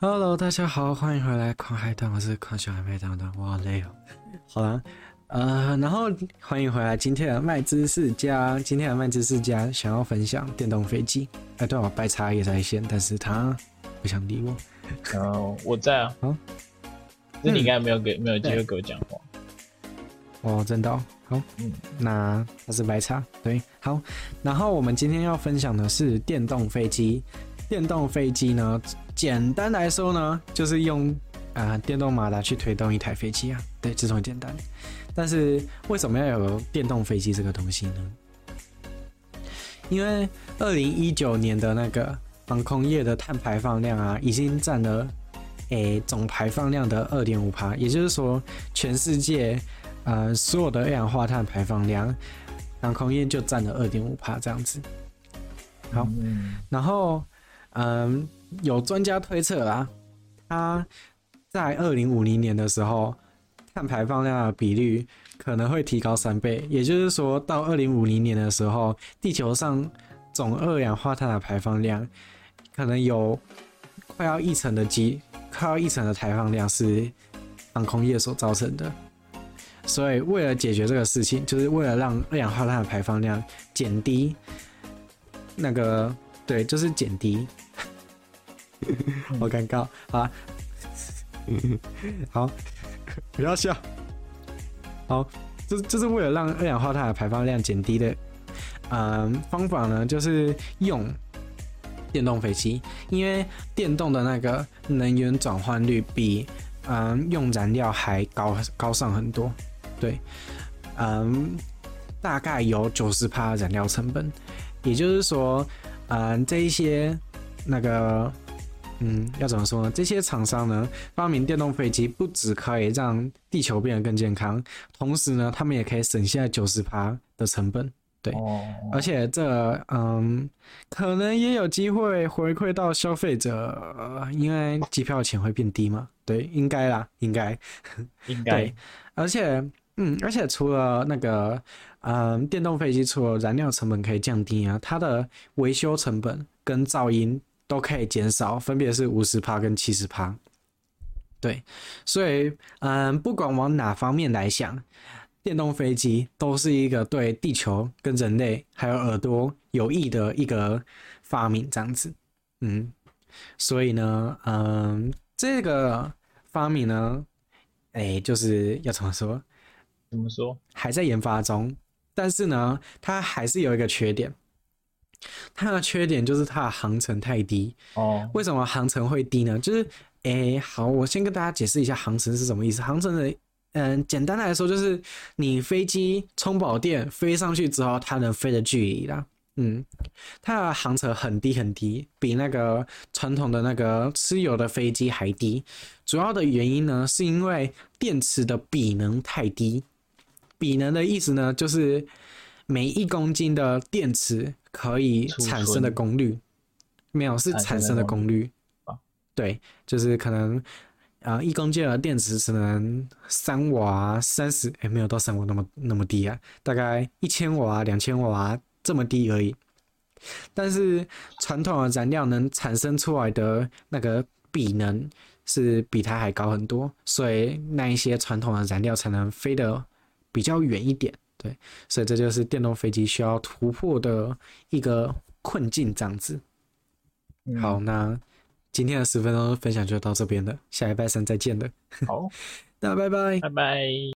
Hello，大家好，歡迎回來狂嗨，狂海蛋，我是狂小孩麥噹噹，我好累哦。 好了、啊，呃，然後歡迎回來今，今天的麥知識家，今天的麥知識家想要分享電動飛機。哎，對，我白茶也在線，但是他不想理我。哦，uh, 我在。啊。那好你剛才沒有給，嗯、沒有機會給我講話。哦，真的、哦。好，嗯，那他是白茶，對。好，然後我們今天要分享的是電動飛機。電動飛機呢？簡單來說呢，就是用啊、呃、電動馬達去推動一台飛機啊，對，這種簡單。但是為什麼要有電動飛機這個東西呢？因為二零一九年的那個航空業的碳排放量啊，已經占了誒、欸、總排放量的二點五趴，也就是說，全世界、呃、所有的二氧化碳排放量，航空業就占了二點五趴這樣子。好，然後嗯。呃有專家推測啊，他在二零五零年的時候，碳排放量的比率可能會提高三倍，也就是說到二零五零年的時候，地球上總二氧化碳的排放量可能有快要一成的幾快要一成的排放量是航空業所造成的。所以為了解決這個事情，就是為了讓二氧化碳的排放量減低，那個對，就是減低。 好尷尬，好、啊， 好，不要笑，好，這就，就是為了讓二氧化碳的排放量減低的，嗯，方法呢就是用電動飛機，因為電動的那個能源轉換率比嗯用燃料還高高上很多，對，嗯，大概有九十趴燃料成本，也就是說，嗯，這一些那個。嗯，要怎麼說呢？這些廠商呢，發明電動飛機，不只可以讓地球變得更健康，同時呢，他們也可以省下九十趴的成本。對，哦、而且這個、嗯，可能也有機會回饋到消費者、呃，因為機票錢會變低嘛。哦、對，應該啦，應該， 應該該。對，而且，嗯，而且除了那個，嗯，電動飛機除了燃料成本可以降低啊，它的維修成本跟噪音。都可以減少，分別是五十趴跟七十趴。對，所以，嗯，不管往哪方面來想，電動飛機都是一個對地球、跟人類還有耳朵有益的一個發明，這樣子。嗯，所以呢，嗯，這個發明呢，哎、欸，就是要怎麼說？怎麼說？還在研發中。但是呢，它還是有一個缺點。它的缺點就是它的航程太低哦。為什麼航程會低呢？就是，哎、欸，好，我先跟大家解釋一下航程是什麼意思。航程的，嗯，簡單來說就是你飛機充飽電飛上去之後，它能飛的距離啦。嗯，它的航程很低很低，比那個傳統的那個吃油的飛機還低。主要的原因呢，是因為電池的比能太低。比能的意思呢，就是。每一公斤的電池可以產生的功率，沒有是產生的功率，對，就是可能啊、呃，一公斤的電池只能三瓦三十，哎、欸，沒有到三瓦那麼那麼低啊，大概一千瓦兩千瓦這麼低而已。但是傳統的燃料能產生出來的那個比能是比它還高很多，所以那一些傳統的燃料才能飛得比較遠一點。對，所以這就是電動飛機需要突破的一個困境，這樣子。嗯、好，那今天的十分鐘分享就到這邊了，下禮拜三，再見了。好， 那拜拜，拜拜。